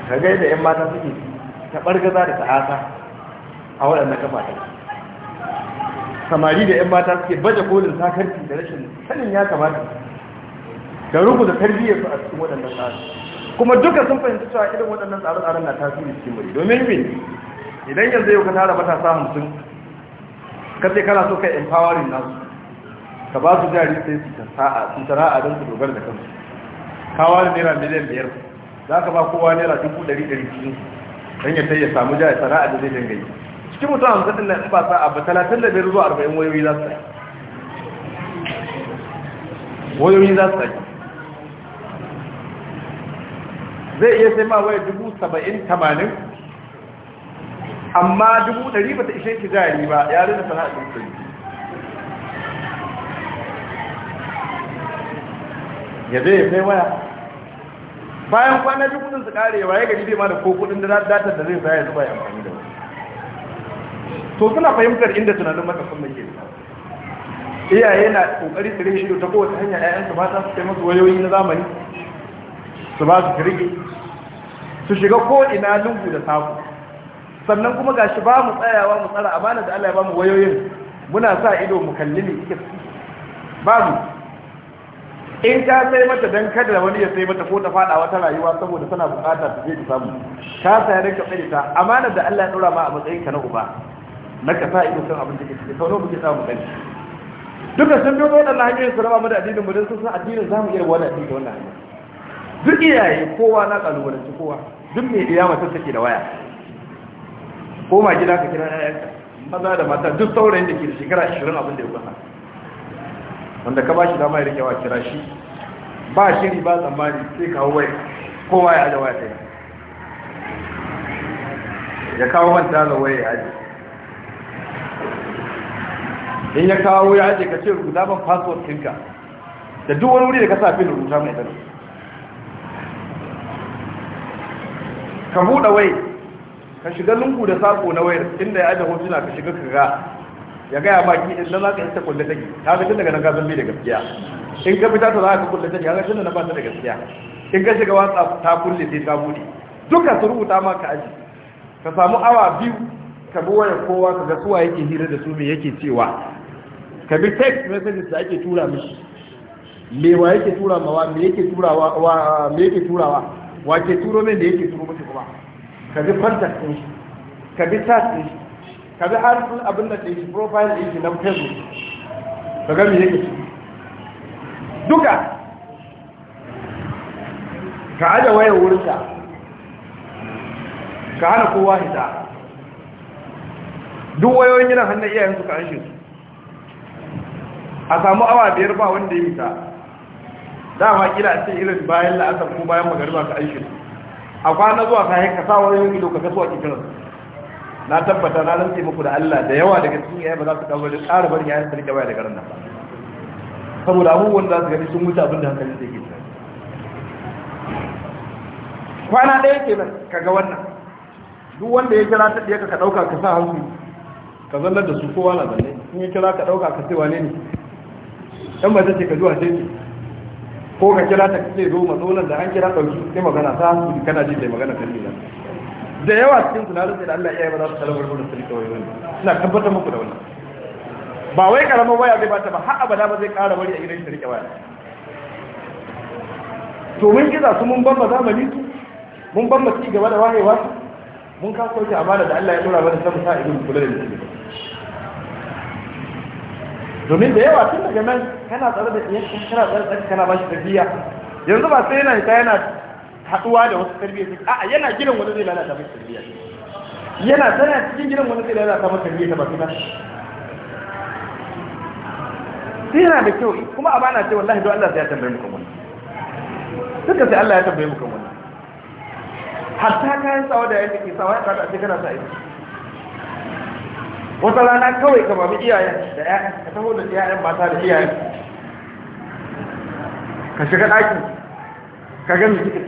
ka gai da 'yan mata suke taɓar gaza da ta'asa a waɗannan kafafen samari da 'yan mata suke baje kolin sakarci da rashin sanin ya kamata da rubu da tarbiyyar su a cikin waɗannan tsari kuma duka sun fahimci cewa irin waɗannan tsare-tsaren na tasiri cikin muri domin me idan yanzu yau ka tara matasa hamsin ka sai kana so ka empowering nasu ka ba su jari sai su ta sa'a su sana'a don su dogara da kansu kawa da naira miliyan biyar za ka ba kowa naira dubu ɗari ɗari cikin don ya sai ya samu jari sana'a da zai dangaye. cikin mutum hamsin ɗin na ba sa'a ba talatin da biyar zuwa arba'in wayoyi za su sai wayoyi za su sai zai iya sai ma waya dubu saba'in tamanin amma dubu ɗari ba ta ishe ki jari ba ya rina sana'a dubu ɗari ya zai ya kai waya bayan kwana biyu kudin su karewa ya gari bai ma da ko kudin da datar da zai saya zuba ya amfani da wani to suna fahimtar inda tunanin matasan sun ke iyaye na kokari su rage ido ta kowace hanya ba ta su kai musu wayoyi na zamani su ba su kirki. su shiga ko ina lungu da sako sannan kuma gashi ba mu tsayawa mu tsara amana da Allah ya ba mu wayoyin muna sa ido mu kalli ne ba mu in ka sai mata dan kada wani ya sai mata ko ta fada wata rayuwa saboda tana bukata ta je ta samu ka sai dan ka tsare ta amana da Allah ya dora ma a matsayin ka na uba na ka sa ido kan abin da ke cikin sauran muke samu kai duka sun biyo waɗannan hanyoyin su raba mu da addinin mu dan sun san addinin zamu iya wani addini da wannan hanyar duk iyaye kowa na kalubalanci kowa duk mai iya mata take da waya koma gida ka kira ƴaƴanka maza da mata duk saurayin da ke da shekara 20 abin da ya kusa wanda ka ba shi dama ya rikewa kira shi ba shiri ba tsammani sai kawo wai kowa ya aje waya ɗaya ya kawo manta da waya ya aje in ya kawo ya ajiye ka ce rubuta ban password tinka da duk wani wuri da ka sa fi rubuta mai dana ka buɗe wai ka shiga lungu da sako na wayar inda ya ajiye hotuna ka shiga ka ga ya gaya ba ki din za ka ita kulle take ga tun daga nan ka san bai da gaskiya in ka fita to za ka kulle take ga tun nan ba ta da gaskiya in ka shiga WhatsApp ta kulle sai ta bude duka su rubuta maka aji ka samu awa biyu ka bi wayar kowa ka ga suwa yake hira da su me yake cewa ka bi text messages da ake tura mishi me wa yake tura wa me yake turawa wa me yake turawa wa ke turo min da yake turo mishi kuma ka bi contact din shi ka bi search din shi ka bi sun abin da ɗin profile ɗin na facebook ka gami yake duka ka aje wayar wurinka ka hana kowa hita duk wayoyin yana hannun iyayensu ka anshe su a samu awa biyar ba wanda ya hita dama kila ce irin bayan la'asar ko bayan magariba ka anshe su a kwana zuwa kayan ka sa wayoyin ido ka kasuwa kikiransu na tabbata na rantse muku da Allah da yawa daga cikin yayin ba za su kawo da ƙara bari yayin da rike baya daga ran nan ba saboda abubuwan da su gani sun wuce abin da hankali zai ke kwana ɗaya ke nan kaga wannan duk wanda ya kira ta ɗaya ka ɗauka ka sa hannu ka zallar da su kowa na zanne in ya kira ka ɗauka ka sai wane ne ɗan ba zai ce ka zuwa ce ne ko ka kira ta ka ce zo matsolan da an kira ɗauki sai magana sa hannu kana ji da magana kan ne da yawa cikin su na rufe da Allah ya yi ba za su talabar da su rika wani suna tabbatar muku da wani ba wai karamar waya zai bata ba har abada ba zai kara wari a gidan shi rike waya to mun gida su mun bamba zamani su mun bamba ci gaba da wayewa mun kasa ki amana da Allah ya tura mana samu sa ido kula da mutum domin da yawa tun daga nan kana tsare da iyanka kana tsare da kana ba shi tafiya yanzu ba sai yana ita yana haduwa da wasu tarbiyyar su a'a yana gidan wani zai lalata mai tarbiyya yana tana cikin gidan wani zai lalata mai tarbiyya ta baki ba sai yana da kyau kuma a bana ce wallahi don Allah sai ya tambaye mu kan wani ka sai Allah ya tambaye mu wani hatta kayan tsawo da yadda ke sawa ya kada a cikin sa ita wata rana kawai ka babu iyayen da ya ka taho da iyayen mata da iyayen ka shiga ɗakin ka gani kike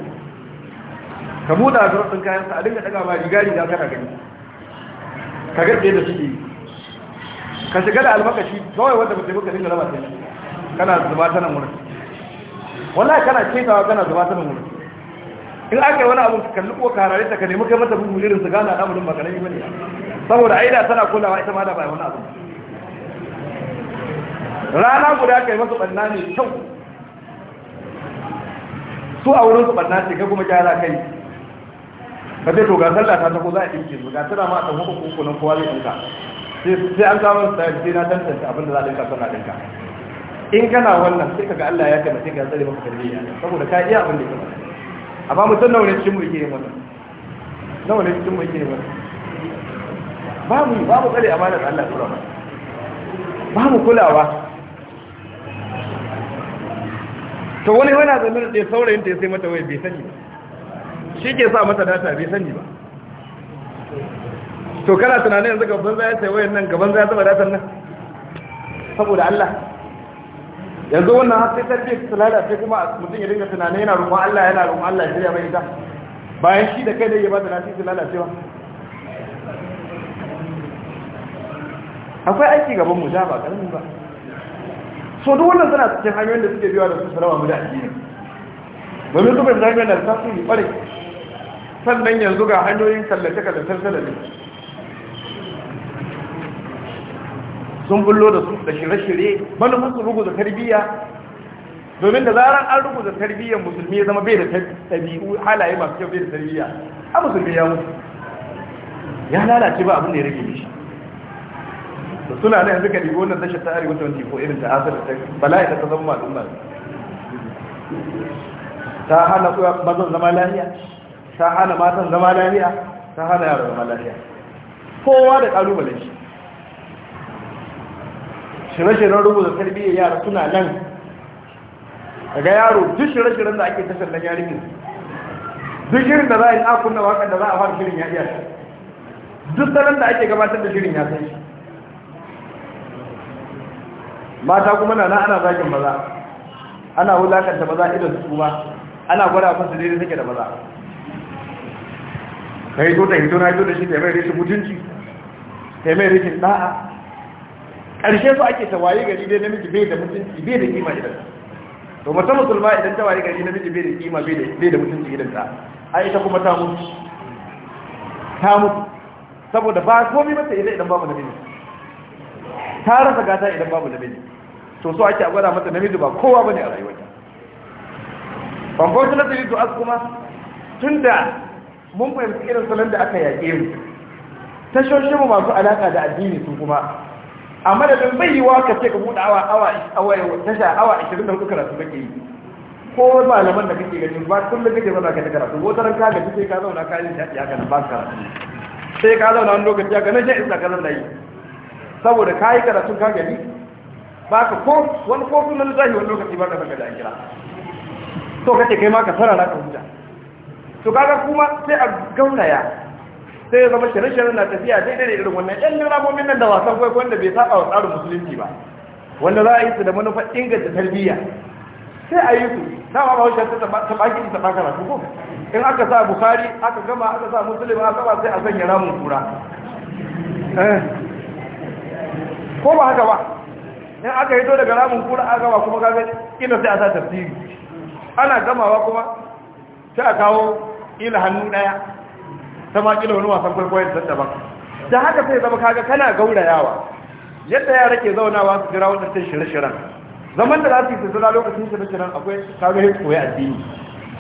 ka buɗa a zuwa kayan sa a dinga daga ba riga riga na gani ka garke da suke ka shiga da almakashi kawai wanda mutum ka dinga raba sai kana zuba ta nan wurin wallahi kana ketawa kana zuba ta nan wurin in aka yi wani abu ka kalli ko karare ta ka nemi kai mata bugu irin su gana al'amarin ba karami saboda aida tana kulawa ita ma da bai wani abu rana guda kai masu ɓanna ne kyau su a wurin su ɓanna ce ka kuma gyara kai ka ce to ga sallah ta tako za a ɗinke su ga tana ma a tafi ko kuku nan kowa zai ɗinka sai an samu style sai na tantance abin da za a ɗinka sallah ɗinka in kana wannan sai kaga Allah ya taimake ka tsare maka tarbiyya saboda ka iya abin da ya kamata mu mutum nawa ne cikin mu yake yin wannan nawa ne cikin mu yake yin wannan babu babu tsare amanar Allah tura ba babu kulawa to wani wani zamanin da saurayin ta sai mata wai bai sani ba shi ke sa mata data bai sani ba to kana tunanin yanzu gaban za ya sai wayan nan gaban za ya zama datan nan saboda Allah yanzu wannan har sai sarki su lalace kuma mutum ya dinga tunanin yana roƙon Allah yana roƙon Allah ya shirya mai ita bayan shi da kai da ya ba da nasi su lalacewa akwai aiki gaban mu da ba ƙarfin ba so duk wannan suna cikin hanyoyin da suke biyawa da su sarama mu da ajiyar. domin su bai zai yana da ta su ƙwarai sannan yanzu ga hanyoyin kallace-kallacen talabin sun bullo da su da shirye-shirye manufin su rugu da tarbiyya domin da zarar an rugu da tarbiyyar musulmi ya zama bai da tabi'u halaye masu kyau bai da tarbiyya a musulmi ya mutu ya lalace ba abin da ya rage mishi da suna na yanzu ka wannan tashar ta arewa 24 irin ta asar ta bala'i ta zama masu. ta hana mazan zama lafiya ta hana matan zama lafiya ta hana yaro zama lafiya kowa da kalubalen shi shirye na rubuta tarbiyyar yara suna nan daga yaro duk shirye-shiryen da ake tashar nan ne duk shirin da za a yi na wakan da za a fara shirin ya iya shi duk salon da ake gabatar da shirin ya san shi mata kuma na na ana zagin maza ana wulakanta maza idan su kuma ana gwada musu daidai take da maza kai yi zo da hito na hito da shi taimai rashin mutunci taimai rashin da'a ƙarshe su ake tawaye gari dai namiji bai da mutunci bai da kima idan to mata musulma idan tawaye gari namiji bai da kima bai da mutunci idan ta a ita kuma ta mutu ta mutu saboda ba komi mata ita idan babu namiji ta rasa gata idan babu namiji to so ake gwada mata namiji ba kowa bane a rayuwarta unfortunately to us kuma tunda mun fahimci irin salon da aka yaƙe mu tashoshin mu masu alaƙa da addini su kuma a madadin bai yi ka ce ka buɗe awa awa tasha awa 24 karatu kake yi ko malaman da kake gani ba kullum kake zama ka ta karatu ko taran ka gaji sai ka zauna ka yi shaɗi haka nan ba karatu sai ka zauna wani lokaci haka na shi isa ka zanna yi saboda ka yi karatu ka gani ba ka ko wani ko sunan zahi wani lokaci ba ka zaka da kira to kake kai ma ka sarara ka huta to kaga kuma sai a gaunaya sai ya zama shirin shirin na tafiya daidai da irin wannan yan ramomin nan da wasan kwaikwai wanda bai saba wa tsarin musulunci ba wanda za a yi su da manufar inganta tarbiyya sai a yi su dama ba wajen ta tabaki ta baka rasu ko in aka sa bukari aka gama aka sa musulmi aka ba sai a sanya ramun kura eh. ko ba haka ba in aka hito daga ramun kura aka gama kuma kaga ina sai a sa tafsiri ana gamawa kuma sai a kawo ila hannu daya sama kila wani wasan kwaikwayon da daban da haka sai zama kaga kana gaurayawa yadda ya rake zaunawa su jira wadatar shirye-shiryen zaman da lafi su yi su zira lokacin shirye-shiryen akwai kaga yin koyi addini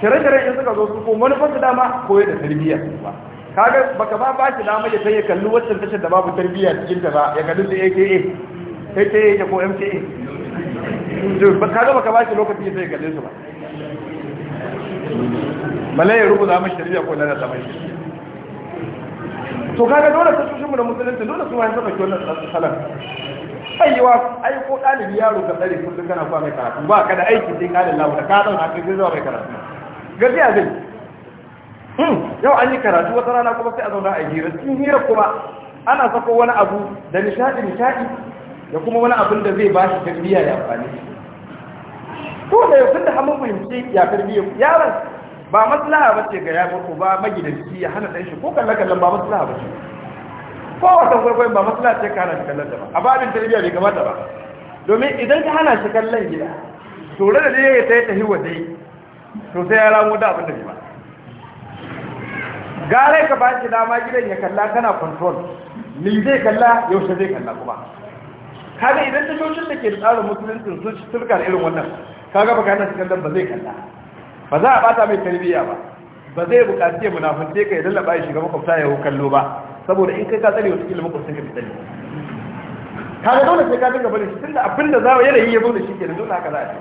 shirye-shiryen in suka zo su ko manufar su dama koya da tarbiyya ba kaga baka ba ba shi dama ya sai ya kalli tashar da babu tarbiyya cikin ta ba ya kalli da AKA AKA ko MKA kaga baka ba shi lokaci ya kalle su ba malai ya rubuta mashi shari'a ko zama shi to kaga dole ta tushen mu da musulunci dole su ma yanzu baki wannan tsarin salam Ayyuwa ai ko dalibi yaro ka tsare kullum kana fa mai karatu ba ka da aiki sai ka lallahu da ka zauna kai zai zuwa mai karatu gaskiya zai hmm, yau an yi karatu wata rana kuma sai a zauna a hira cikin hira kuma ana sako wani abu da nishadi nishadi da kuma wani abin da zai ba shi tarbiyya ya amfani ko da yanzu da hamun fahimci ya karbi yaron ba maslaha ba ce ga yaro ko ba magidanci ya hana ɗan shi ko kalla kallon ba maslaha ba ce ko wata kwaikwayon ba maslaha ce ka hana shi kallon da ba a babin tarbiyya bai gabata ba domin idan ka hana shi kallon gida to da dai ya ta hiwa waje to sai ya ramu da abin da bai ba gare ka ba shi dama gidan ya kalla kana control ni zai kalla yaushe zai kalla kuma kaga idan tashoshin da ke da tsarin musulunci sun shi da irin wannan kaga baka yana cikin dan ba zai kalla ba za a bata mai tarbiyya ba ba zai buƙaci ya munafunce ka ya lallaba ya shiga makwabta ya hu kallo ba saboda in kai ka tsare wata kila makwabcin ka fitar ka kaga dole sai ka dinga bari tunda abin da zawo yanayi ya zo shi ke nan dole haka za a ce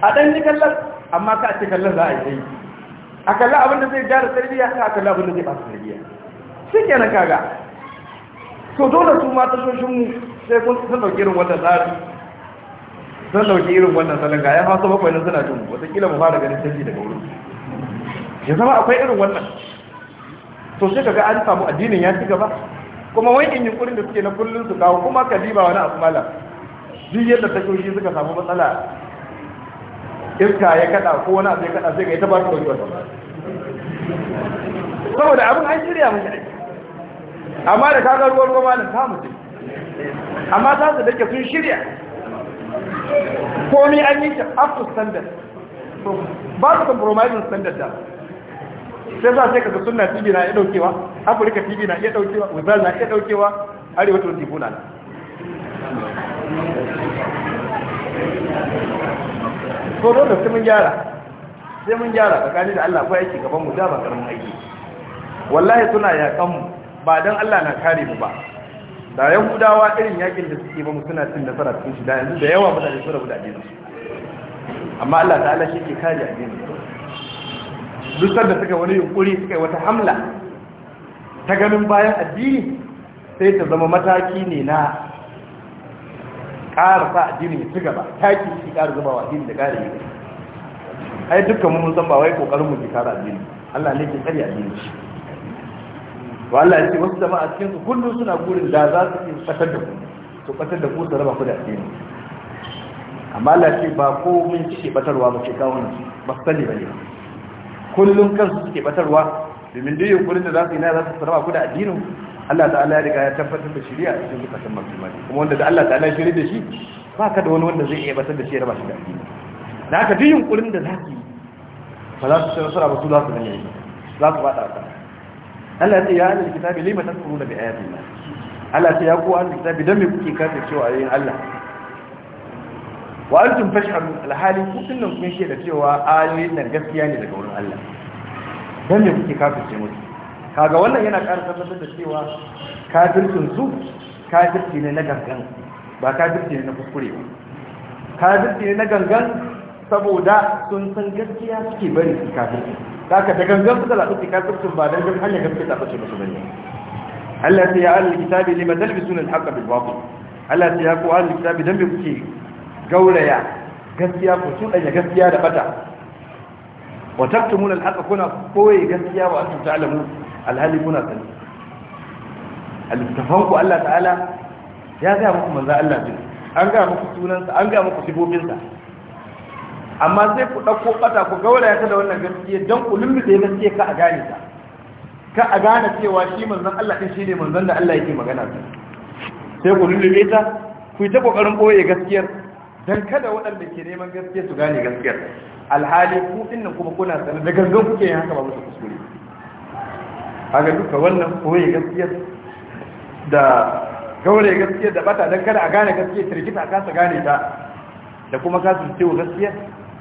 a dan ji kallon amma ka ce kallon za a yi dai a kalla abin da zai gyara tarbiyya ka a kalla abin da zai ba su tarbiyya shi nan kaga to dole su ma tashoshin mu sai kun san dauke irin tsari sun dauki irin wannan salon ga ya faso bakwai nan suna jin watakila mu fara ganin canji daga wurin ya zama akwai irin wannan to sai kaga an samu addinin ya ci gaba kuma wai in yunkurin da suke na kullun su kawo kuma ka diba wani abu mala duk yadda kyoshi suka samu matsala iska ya kada ko wani abu ya kada sai yi ta ba ta wani wata saboda abin an shirya mu aiki amma da kaga ruwan ruwa malam ta mutu amma ta su dake sun shirya komi an yi ta up to standard ba su compromising standard da sai za sai ka ga sunna tv na iya daukewa afirka tv na iya daukewa wazal na iya daukewa arewa to tibuna na so don da mun gyara sai mun gyara tsakani da Allah ko yake gaban mu da ba karamin aiki wallahi suna kan mu ba dan Allah na kare mu ba da gudawa irin yakin da suke ba mu suna cin nasara cikin shi da yanzu da yawa da su da addinin su amma Allah ta'ala shi ke kare addini su duk sanda suka wani yunkuri suka yi wata hamla ta ganin bayan addini sai ta zama mataki ne na ƙara sa addini ya ci gaba taki shi ƙara zuba wa addini da ƙara yi ai dukkan mun san ba wai kokarin mu ke kare addini Allah ne ke kare addini shi to Allah ya ce wasu jama'a cikin su kullum suna burin da za su iya kasar da ku to kasar da ku su raba ku da ne amma Allah ya ce ba ko mun cike batarwa ba ke kawo ne ba sani ba ne kullum kansu suke batarwa domin duk yunkurin da za su yi na za su raba ku da addinin Allah ta'ala ya riga ya tabbatar da shirya a cikin zukatan musulmani kuma wanda da Allah ta'ala ya shirya da shi ba ka da wani wanda zai iya batar da shi ya raba shi da addini Na haka duk yunkurin da za su yi ba za su ci nasara ba su za su ganye za su faɗa ka Allah ya ce ya ahlul kitabi lima tadkuruna da ayati Allah Allah ya ce ya ku ahlul kitabi dan me kuke kafa cewa ayoyin Allah wa antum tashhadu alhali ku kullun kun shaida cewa ayoyin nan gaskiya ne daga wurin Allah dan me kuke kafa ce musu kaga wannan yana ƙara tabbatar da cewa kafircin su kafirci ne na gangan ba kafirci ne na kuskure ba kafirci ne na gangan saboda sun san gaskiya suke bari su kafirci haka da gangan suka zaɓi su kafircin ba don gan hanyar gaskiya ta ce musu bane Allah sai ya ahli kitabi lima talbisuna al-haqqa bil batil Allah sai ya ku ahli kitabi dan me kuke gauraya gaskiya ku tudanya gaskiya da bata wa taktumuna al-haqqa kuna koyi gaskiya wa antum ta'lamu al-hali kuna sani al-istafanku Allah ta'ala ya ga muku manzo Allah din an ga muku sunansa an ga muku sifofinsa amma sai ku ɗauko ɓata ku gauraya ta da wannan gaskiya don ku lullube gaskiya ka a gane ta ka a gane cewa shi manzon Allah ɗin shi ne manzon da Allah yake magana ta sai ku lullube ta ku yi ta ƙoƙarin ɓoye gaskiyar don kada waɗanda ke neman gaskiya su gane gaskiyar alhali ku ɗinnan kuma kuna sanar da gangan kuke yin haka ba musu kuskure haka duka wannan ɓoye gaskiyar da gauraya gaskiyar da bata don kada a gane gaskiyar rikita a kasa gane ta da kuma kasa cewa gaskiyar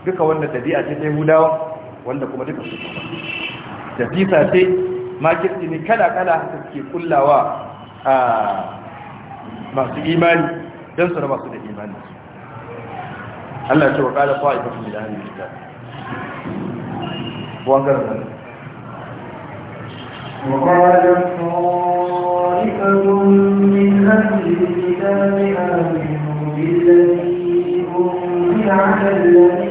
duka wannan dabi'a ce ta hudawa wanda kuma duka su da fisa ce makirci ne kala kala haka suke kullawa a masu imani don su raba su da imani Allah ce wa kala kwa ibatun da hannun jika wangar da وقالت طائفة من أهل الكتاب آمنوا بالذي أنزل على الذين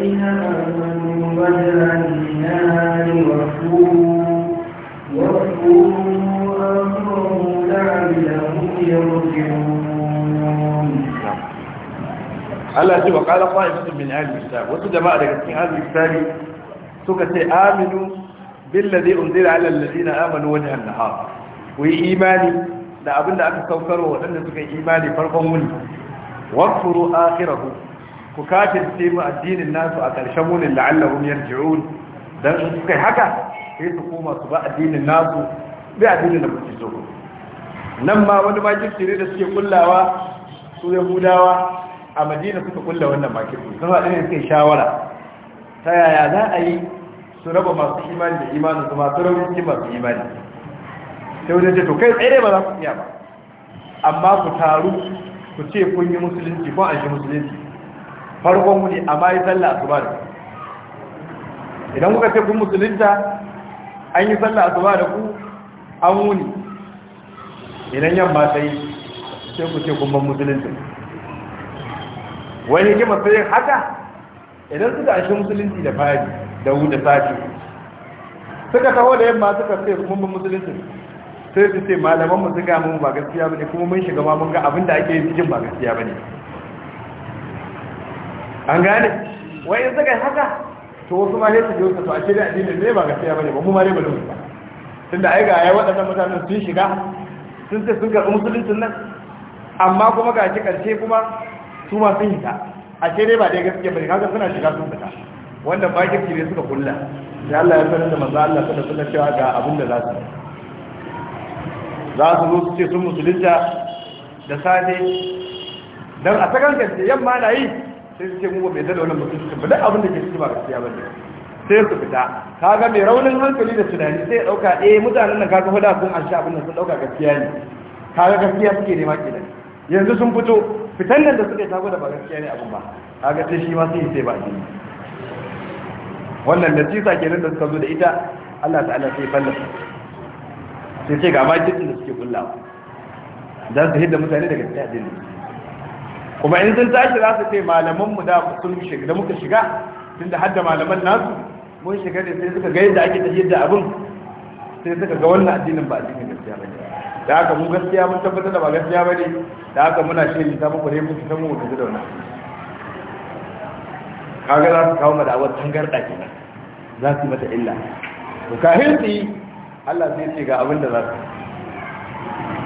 Allah ce wa kala qa'imatun min ahli kitab wasu jama'a daga cikin ahli kitab suka ce aminu billadhi unzila ala alladhina amanu wajhan nahar ku yi imani da abinda aka saukarwa wadanda suka yi imani farkon wuni wakfuru akhirahu ku ce mu addinin nasu a ƙarshen wunin la'allahum yarji'un dan su kai haka sai su koma su ba addinin nasu bai addinin da muke so nan ma wani makirci ne da suke kullawa su yahudawa a madina suka kulla wannan makirci sun haɗu ne suke shawara ta yaya za a yi su raba masu imani da imanin su masu raunin cikin masu imani sai wajen ce to kai tsere ba za ku iya ba amma ku taru ku ce kun yi musulunci ko an shi musulunci farkon wuni amma yi sallah zuba da idan kuka ce kun musulunta an yi sallah zuba da ku an wuni idan yamma ta yi sai ku ce kun ban musulunta wani hikimar sai haka idan suka ashe musulunci da fari da wu da sati suka taho da yamma suka ce kun ban musulunta sai su ce malaman mu suka mun ba gaskiya bane kuma mun shiga ma mun ga abin da ake yi cikin ba gaskiya bane an gane wai in suka haka to wasu ma ne su ji wasu to a shirya addinin ne ba gaskiya bane ba mu ma ne ba mu ba tunda ai ga ai waɗannan mutanen sun shiga sun ce sun karɓi musuluncin nan amma kuma ga shi ƙarshe kuma su ma sun hita a ce ne ba dai gaskiya bane kaga suna shiga sun fita wanda bakin ne suka kulla sai Allah ya sanar da manzo Allah da suka cewa ga abin da za su za su zo su ce sun musulunta da safe dan a sakanta yamma na yi sai su ce mu bai da wannan mutum ba duk abin da ke cikin ba siya ba ne sai su fita kaga mai raunin hankali da tunani sai ya dauka eh mutanen nan kaga fada kun an sha abin nan sun dauka gaskiya ne kaga gaskiya suke nema kenan yanzu sun fito fitan nan da suka yi tago da ba gaskiya ne abin ba kaga sai shi ma sai sai ba shi wannan nasisa kenan da suka zo da ita Allah ta'ala sai fallasa sai ce ga ma jikin da suke kullawa dan su hidda mutane daga cikin addinin kuma in sun tashi za su ce malamanmu da sun shiga da muka shiga tunda hadda malaman nasu mun shiga ne sai suka ga yadda ake tafiyar da abin sai suka ga wannan addinin ba addinin gaskiya bane da haka mun gaskiya mun tabbatar da ba gaskiya bane da haka muna shirin ta muku ne mun ta mu da da wannan kaga za su kawo mada wata tangarda kenan za su mata illa to ka su yi Allah zai ce ga abin da za su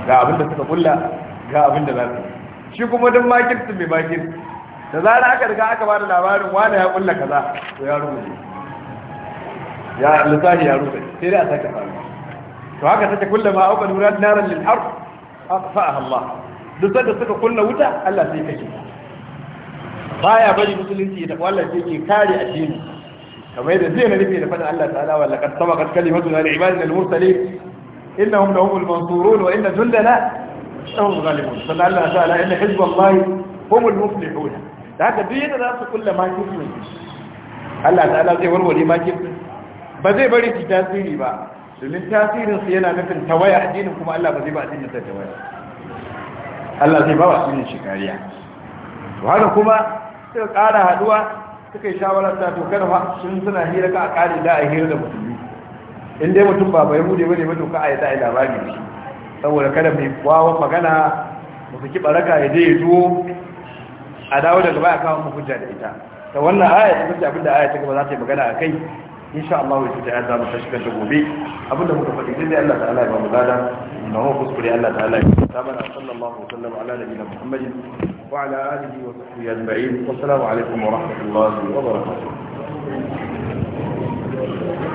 ga abin da suka kulla ga abin da za su shi kuma duk makirci mai makin da zara aka riga aka bada labarin wani ya kulla kaza to ya rubuce ya lissafi ya rubuce sai dai a sake faru to haka take kulla ma auka nura naran lil ard afaha Allah duk sanda suka kulla wuta Allah sai kake baya bari musulunci ya tafi Allah sai kare addini kamar yadda zai na rufe da fadin Allah ta'ala wa laqad sabaqat kalimatu lil ibadina al mursalin innahum lahumul mansurun wa inna jundana tsawon zalimun sannan Allah ta ala inna hizballahi humul muflihun da haka duk yadda za su kulla makirfin Allah ta ala zai warware makirfin ba zai bari ki tasiri ba domin tasirin su yana nufin tawaya addinin kuma Allah ba zai ba addinin sa tawaya Allah zai ba wa addinin shi kariya to haka kuma suka ƙara haɗuwa, suka yi shawarar ta to kada fa sun suna hira ka a ƙari da a hira da musulmi in dai mutum ba bai hude bane ba to ka a yi da labari ne saboda kada mai wawon magana mu saki baraka ya je ya zuwo a dawo daga baya kawo mu hujja da ita ta wannan aya ta kace abinda aya ta gaba za ta yi magana a kai insha Allah wai ta za mu tashi da gobe abinda muka faɗi dai Allah ta'ala ya ba mu gada na ho kuskure Allah ta'ala ya tabbata sallallahu alaihi wa sallam ala nabiyina Muhammadin wa ala alihi wa sahbihi ajma'in wa assalamu alaikum wa rahmatullahi wa barakatuh